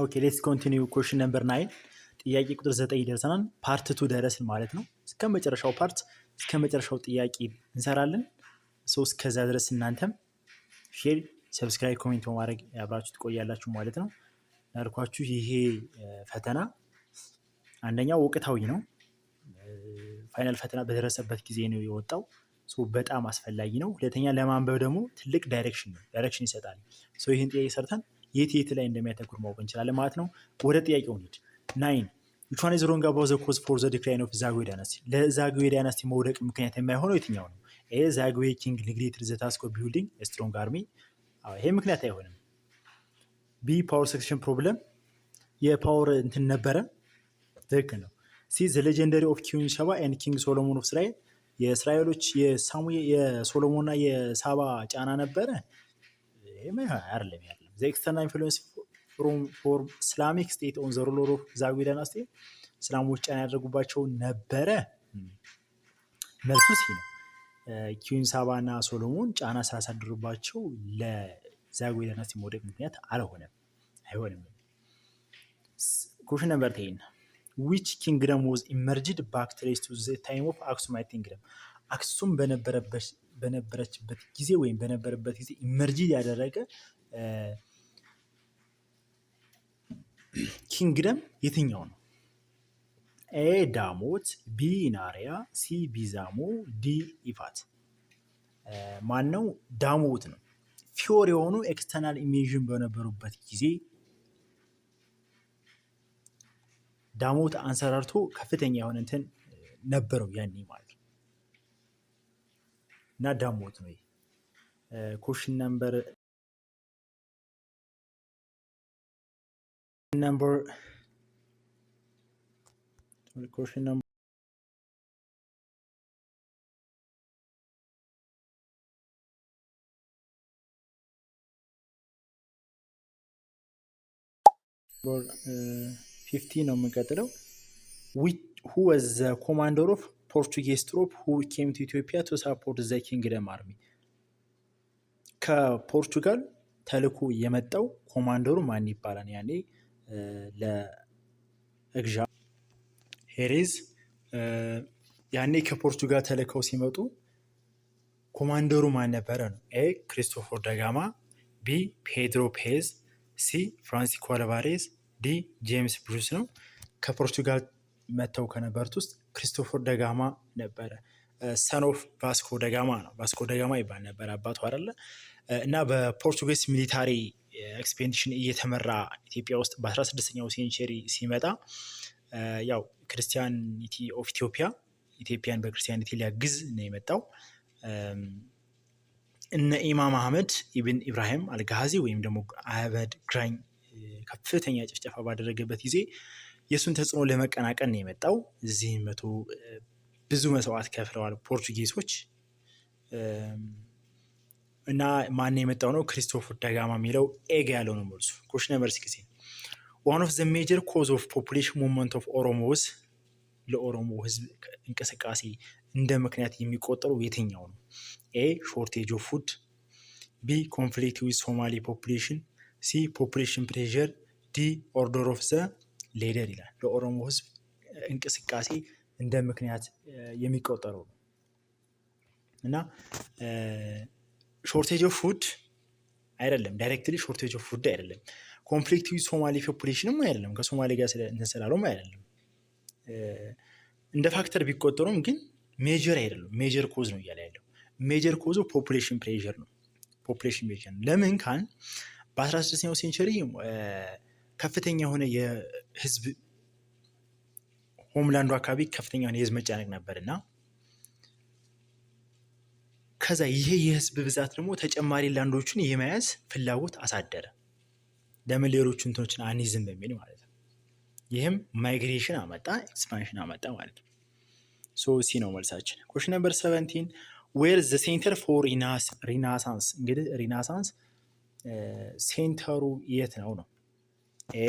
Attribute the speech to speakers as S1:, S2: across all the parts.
S1: ኦኬ ሌትስ ኮንቲኒው ኮሽን ነምበር ናይን ጥያቄ ቁጥር ዘጠኝ ደርሰናል። ፓርት ቱ ደረስን ማለት ነው። እስከ መጨረሻው ፓርት እስከ መጨረሻው ጥያቄ እንሰራለን። ሰው እስከዛ ድረስ እናንተም ሼር፣ ሰብስክራይብ፣ ኮሜንት በማድረግ አብራችሁ ትቆያላችሁ ማለት ነው። ያልኳችሁ ይሄ ፈተና አንደኛው ወቅታዊ ነው። ፋይናል ፈተና በደረሰበት ጊዜ ነው የወጣው። በጣም አስፈላጊ ነው። ሁለተኛ ለማንበብ ደግሞ ትልቅ ዳይሬክሽን ነው፣ ዳይሬክሽን ይሰጣል። ይህን ጥያቄ ሰርተን የት የት ላይ እንደሚያተኩር ማወቅ እንችላለን ማለት ነው። ወደ ጥያቄው እንሂድ። ናይን ዊችዋን ሮንግ አባውት ዘ ኮዝ ፎር ዘ ዲክላይን ኦፍ ዳይናስቲ ዳይናስቲ መውደቅ ምክንያት የማይሆነው የትኛው ነው? ይሄ ዛጉዌ ኪንግ ዘ ታስክ ኦፍ ቢልዲንግ ስትሮንግ አርሚ፣ ይሄ ምክንያት አይሆንም። ቢ ፓወር ሰክሽን ፕሮብለም የፓወር እንትን ነበረ፣ ትክክል ነው። ሲ ዘ ሌጀንደሪ ኦፍ ኪንግ ሸባ ኤንድ ኪንግ ሶሎሞን ኦፍ እስራኤል የእስራኤሎች የሳሙኤል የሶሎሞንና የሳባ ጫና ነበረ። ይሄ አይደለም ያለ the external influence from from Islamic state on the rule of ዛዊል ናስቴ እስላሞች ጫና ያደረጉባቸው ነበረ። መልሱ ሲ ነው። ኪዩን ሳባ እና ሶሎሞን ጫና ስላሳደሩባቸው ለዛዊል ናስቴ መውደቅ ምክንያት አልሆነም አይሆንም። ኮሽን ነበር ቴን ዊች ኪንግደም ወዝ ኢመርጅድ ባክ ትሬስ ቱ ዘ ታይም ኦፍ አክሱማይት ኪንግደም አክሱም በነበረችበት ጊዜ ወይም በነበረበት ጊዜ ኢመርጅድ ያደረገ ኪንግደም የትኛው ነው? ኤ ዳሞት፣ ቢ ናሪያ፣ ሲ ቢዛሞ፣ ዲ ኢፋት። ማን ነው? ዳሞት ነው። ፊዮር የሆኑ ኤክስተርናል ኢሜዥን በነበሩበት ጊዜ ዳሞት አንሰራርቶ ከፍተኛ የሆነ እንትን ነበረው ያኔ ማለት ነው። እና ዳሞት ነው። ኮሽን ነምበር number question number ፊፍቲ uh, ነው የምንቀጥለው። ሁ ወዝ ዘ ኮማንደር ኦፍ ፖርቱጌዝ ትሮፕ ሁ ኬም ቱ ኢትዮጵያ ቱ ሳፖርት ዘ ኪንግደም አርሚ። ከፖርቱጋል ተልኮ የመጣው ኮማንደሩ ማን ይባላል? ያኔ ለእግዣ ሄሬዝ ያኔ ከፖርቱጋል ተልከው ሲመጡ ኮማንደሩ ማን ነበረ ነው? ኤ ክሪስቶፎር ደጋማ፣ ቢ ፔድሮ ፔዝ፣ ሲ ፍራንሲስኮ አልቫሬዝ፣ ዲ ጄምስ ብሩስ ነው። ከፖርቱጋል መጥተው ከነበሩት ውስጥ ክሪስቶፎር ደጋማ ነበረ። ሰኖፍ ቫስኮ ደጋማ ነው። ቫስኮ ደጋማ ይባል ነበር አባቱ አይደለ እና በፖርቱጌስ ሚሊታሪ ኤክስፔንዲሽን እየተመራ ኢትዮጵያ ውስጥ በ16ኛው ሴንቸሪ ሲመጣ ያው ክርስቲያኒቲ ኦፍ ኢትዮጵያ ኢትዮጵያን በክርስቲያኒቲ ሊያግዝ ነው የመጣው። እነ ኢማም አህመድ ኢብን ኢብራሂም አልጋዚ ወይም ደግሞ አህመድ ግራኝ ከፍተኛ ጭፍጨፋ ባደረገበት ጊዜ የእሱን ተጽዕኖ ለመቀናቀን ነው የመጣው። እዚህ መቶ ብዙ መስዋዕት ከፍለዋል ፖርቱጌሶች እና ማን የመጣው ነው? ክሪስቶፈር ዳጋማ የሚለው ኤግ ያለው ነው መልሱ። ኮሽ ነበር ሲክስ ዋን ኦፍ ዘ ሜጀር ኮዝ ኦፍ ፖፑሌሽን ሞቭመንት ኦፍ ኦሮሞስ ለኦሮሞ ህዝብ እንቅስቃሴ እንደ ምክንያት የሚቆጠሩ የትኛው ነው? ኤ ሾርቴጅ ኦፍ ፉድ፣ ቢ ኮንፍሊክት ዊዝ ሶማሊ ፖፑሌሽን፣ ሲ ፖፑሌሽን ፕሬሸር፣ ዲ ኦርደር ኦፍ ዘ ሌደር ይላል። ለኦሮሞ ህዝብ እንቅስቃሴ እንደ ምክንያት eh, የሚቆጠረው ነው እና eh, ሾርቴጅ ኦፍ ፉድ አይደለም፣ ዳይሬክትሊ ሾርቴጅ ኦፍ ፉድ አይደለም። ኮንፍሊክት ዊዝ ሶማሊ ፖፑሌሽንም አይደለም፣ ከሶማሌ ጋር ስለንስላሎም አይደለም። እንደ ፋክተር ቢቆጠሩም ግን ሜጀር አይደለም። ሜጀር ኮዝ ነው እያለ ያለው ሜጀር ኮዝ ፖፑሌሽን ፕሬር ነው። ፖፑሌሽን ሜጀር ነው። ለምን ካን በ16ኛው ሴንቸሪ ከፍተኛ የሆነ የህዝብ ሆምላንዱ አካባቢ ከፍተኛ የሆነ የህዝብ መጨነቅ ነበር እና ከዛ ይሄ የህዝብ ብዛት ደግሞ ተጨማሪ ላንዶችን የመያዝ ፍላጎት አሳደረ። ለምን ሌሎቹ እንትኖችን አንይዝም በሚል ማለት ነው። ይህም ማይግሬሽን አመጣ፣ ኤክስፓንሽን አመጣ ማለት ነው። ሶ ሲ ነው መልሳችን። ኮሽን ነምበር ሰቨንቲን ዌር ዘ ሴንተር ፎር ሪናሳንስ። እንግዲህ ሪናሳንስ ሴንተሩ የት ነው ነው?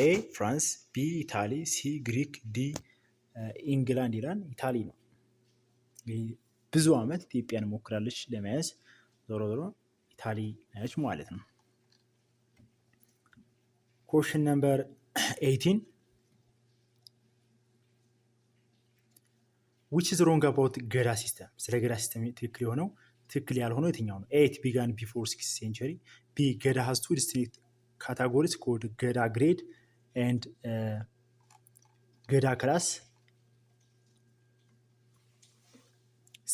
S1: ኤ ፍራንስ፣ ቢ ኢታሊ፣ ሲ ግሪክ፣ ዲ ኢንግላንድ ይላል። ኢታሊ ነው። ብዙ ዓመት ኢትዮጵያን ሞክራለች ለመያዝ። ዞሮ ዞሮ ኢታሊ ነች ማለት ነው። ኮሽን ነምበር ኤይቲን ዊች ኢዝ ሮንግ አባውት ገዳ ሲስተም። ስለ ገዳ ሲስተም ትክክል የሆነው ትክክል ያልሆነው የትኛው ነው? ኤት ቢጋን ቢፎር ሲክስ ሴንቸሪ ቢ ገዳ ሀዝ ዲስትሪክት ካታጎሪስ ኮድ ገዳ ግሬድ ኤንድ ገዳ ክላስ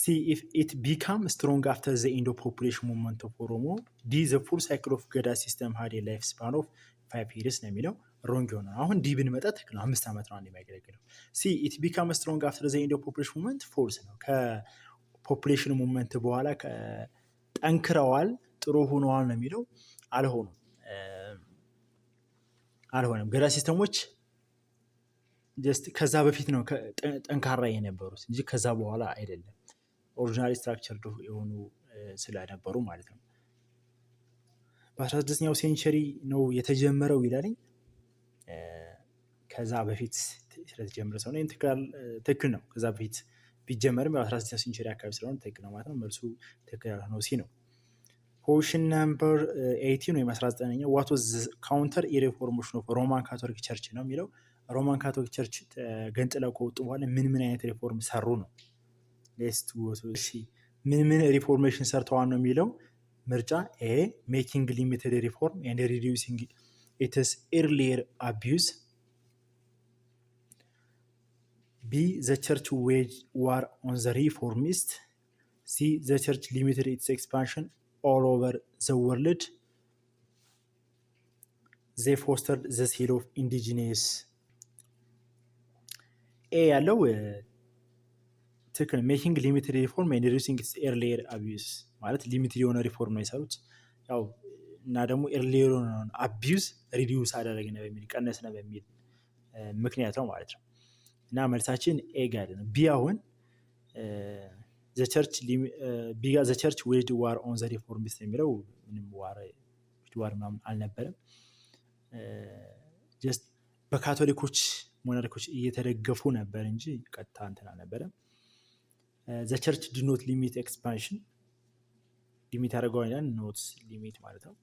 S1: see if it becomes strong after the end of population movement of ኦሮሞ ዲ ዘ ፉል ሳይክል ኦፍ ገዳ ሲስተም ሀድ ላይፍ ስፓን ኦፍ ፋይቭ ይርስ ነው የሚለው ሮንግ የሆነ አሁን ዲ ብንመጣ ትክክል ነው። አምስት ዓመት ነው የሚያገለግለው። ሲ ኢት ቢካም ስትሮንግ አፍተር ዘ ኢንድ ፖፑሌሽን ሙቭመንት ፎልስ ነው። ከፖፑሌሽን ሙቭመንት በኋላ ጠንክረዋል፣ ጥሩ ሆነዋል ነው የሚለው አልሆኑም፣ አልሆነም። ገዳ ሲስተሞች ከዛ በፊት ነው ጠንካራ የነበሩት እንጂ ከዛ በኋላ አይደለም። ኦሪጂናል ስትራክቸርድ የሆኑ ስለነበሩ ማለት ነው። በ16ኛው ሴንቸሪ ነው የተጀመረው ይላለኝ። ከዛ በፊት ስለተጀመረ ስለሆነ ትክክል ነው። ከዛ በፊት ቢጀመርም የ16ኛው ሴንቸሪ አካባቢ ስለሆነ ትክክል ነው ማለት ነው። መልሱ ትክክል ያልሆነው ሲ ነው። ፖሽን ነምበር ኤይቲን ወይም 19ኛው ዋት ዋዝ ካውንተር ኢሬፎርሜሽን ኦፍ ሮማን ካቶሊክ ቸርች ነው የሚለው። ሮማን ካቶሊክ ቸርች ገንጥለው ከወጡ በኋላ ምን ምን አይነት ሪፎርም ሰሩ ነው ሌስት ምን ምን ሪፎርሜሽን ሰርተዋል ነው የሚለው ምርጫ ኤ ሜኪንግ ሊሚትድ ሪፎርም ኤንድ ሪዲዩሲንግ ኢትስ ኤርሊየር አቢዩዝ ቢ ዘ ቸርች ዌጅ ዋር ኦን ዘ ሪፎርሚስት ሲ ዘ ቸርች ሊሚትድ ኢትስ ኤክስፓንሽን ኦል ኦቨር ዘ ወርልድ ዘ ፎስተርድ ዘ ሴል ኦፍ ኢንዲጂኒየስ ኤ ያለው ትክክል ሜኪንግ ሊሚትድ ሪፎርም ሪዲዩሲንግ ኤርሊየር አቢዩዝ ማለት ሊሚትድ የሆነ ሪፎርም ነው የሰሩት። ያው እና ደግሞ ኤርሊየር የሆነውን አቢዩዝ ሪዲዩስ አደረግን በሚል ነው በሚል ምክንያት ነው ማለት ነው። እና መልሳችን ኤ ጋር ነው። ቢ አሁን ቢጋ ዘቸርች ዌድ ዋር ኦን ዘ ሪፎርሚስት የሚለው ምንም ዋር ዋር ምናምን አልነበረም። ጀስት በካቶሊኮች ሞናርኮች እየተደገፉ ነበር እንጂ ቀጥታ እንትን አልነበረም። ዘቸርች ድኖት ሊሚት ኤክስፓንሽን ሊሚት ያደርገዋል ኖት ሊሚት ማለት ነው።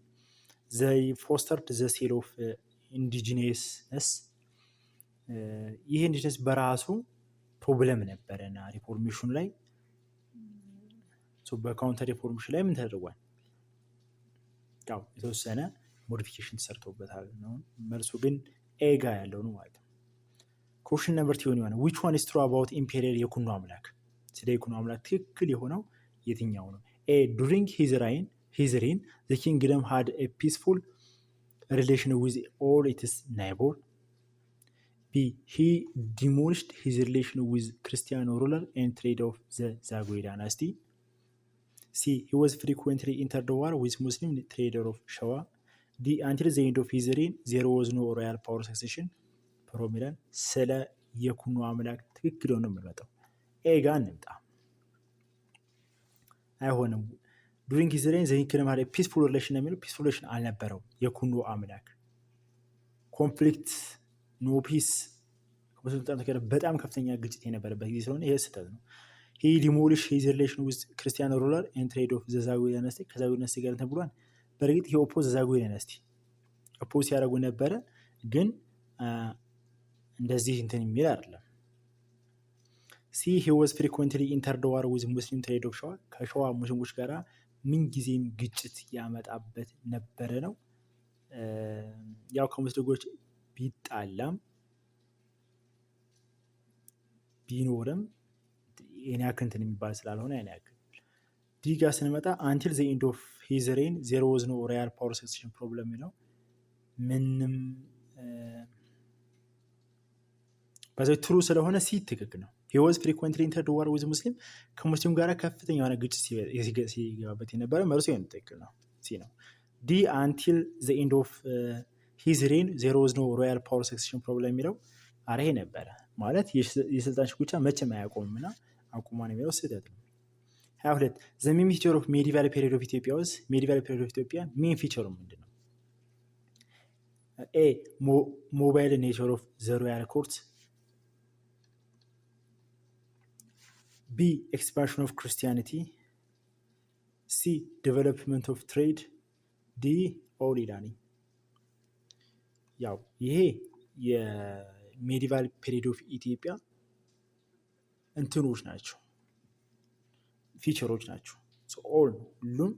S1: ዘይ ፎስተርድ ዘ ሴል ኦፍ ኢንዲጂነስነስ ይህ ኢንዲጂነስ በራሱ ፕሮብለም ነበረ እና ሪፎርሜሽኑ ላይ በካውንተር ሪፎርሜሽን ላይ ምን ተደርጓል? ያው የተወሰነ ሞዲፊኬሽን ተሰርቶበታል ነው። መልሱ ግን ኤጋ ያለው ነው ማለት ነው። ኮሽን ነምበር ቲሆን የሆነ ዊች ዋን ስትሮ አባውት ኢምፔሪየር የኩኑ አምላክ ስለ ይኩኖ አምላክ ትክክል የሆነው የትኛው ነው? ኤ ዱሪንግ ሂዝ ራይን ሂዝ ሪን ዘ ኪንግደም ሃድ ኤ ፒስፉል ሪሌሽን ዊዝ ኦል ኢትስ ናይቦር ቢ ሂ ዲሞሊሽድ ሂዝ ሪሌሽን ዊዝ ክርስቲያኖ ሩለር ኤንድ ትሬድ ኦፍ ዘ ዛጉዌ ዳይናስቲ ሲ ሂ ዋዝ ፍሪኩዌንትሊ ኢንተርድ ዋር ዊዝ ሙስሊም ትሬደር ኦፍ ሸዋ ዲ አንቲል ዘ ኤንድ ኦፍ ሂዝ ሪን ዜሮ ዋዝ ኖ ሮያል ፓወር ሰክሴሽን ፕሮሚለን ስለ የኩኖ አምላክ ትክክል ሆነ የምንመጣው ኤ ጋ እንምጣ። አይሆንም። ዱሪንግ ሂዝ ሬን ዘ ኪንግደም ፒስፉል ሪሌሽን ነው የሚለው ፒስፉል ሪሌሽን አልነበረው የኩኖ አምላክ። ኮንፍሊክት ኖ ፒስ በስልጣን ተከረ በጣም ከፍተኛ ግጭት የነበረበት ጊዜ ስለሆነ ይሄ ስህተት ነው። ሂ ዲሞሊሽ ሂዝ ሪሌሽን ዊዝ ክርስቲያን ሩለር ኤን ትሬድ ኦፍ ዘ ዛጉዌ ዳይነስቲ ከዛጉዌ ዳይነስቲ ጋር ተብሏል። ብሏል። በእርግጥ ይሄ ኦፖዝ ዛጉዌ ዳይነስቲ ኦፖዝ ሲያደርጉ ነበረ ግን እንደዚህ እንትን የሚል አይደለም። ሲ ሂ ወዝ ፍሪኮንትሊ ኢንተርድ ዋር ዊዝ ሙስሊም ትሬድ ኦፍ ሸዋ ከሸዋ ሙስሊሞች ጋር ምንጊዜም ግጭት ያመጣበት ነበረ ነው። ያው ከሙስሊሞች ቢጣላም ቢኖርም የኔ ያክል የሚባል ስላልሆነ ያን ያክል ዲጋ ስንመጣ አንቲል ዘ ኢንድ ኦፍ ሂዝ ሬይን ዜር ወዝ ኖ ሪያል ፓወር ሰክሴሽን ፕሮብለም ነው ምንም በዚ ትሩ ስለሆነ ሲ ትክክል ነው። ሂወዝ ፍሪኮንትሊ ኢንተርድ ዋር ዊዝ ሙስሊም ከሙስሊም ጋር ከፍተኛ የሆነ ግጭት ሲገባበት የነበረ መርሶ ይሆን ትክክል ነው ሲ ነው። ዲ አንቲል ዘ ኤንድ ኦፍ ሂዝ ሬን ዜሮ ወዝ ኖ ሮያል ፓወር ሰክሴሽን ፕሮብለም የሚለው አርሄ ነበረ ማለት የስልጣን ሽኩቻ መቼም አያቆምም እና አቁሟን የሚለው ስህተት ነው። ሀያ ሁለት ዘ ሜን ፊቸር ኦፍ ሜዲቫል ፔሪድ ኦፍ ኢትዮጵያ ውስ ሜዲቫል ፔሪድ ኦፍ ኢትዮጵያ ሜን ፊቸሩ ምንድን ነው? ኤ ሞባይል ኔቸር ኦፍ ዘ ሮያል ኮርት ቢ ኤክስፓንሽን ኦፍ ክርስቲያኒቲ፣ ሲ ዴቨሎፕመንት ኦፍ ትሬድ፣ ዲ ኦል ይላል። ያው ይሄ የሜዲቫል ፔሪድ ኦፍ ኢትዮጵያ እንትኖች ናቸው ፊቸሮች ናቸው። ኦል ሁሉም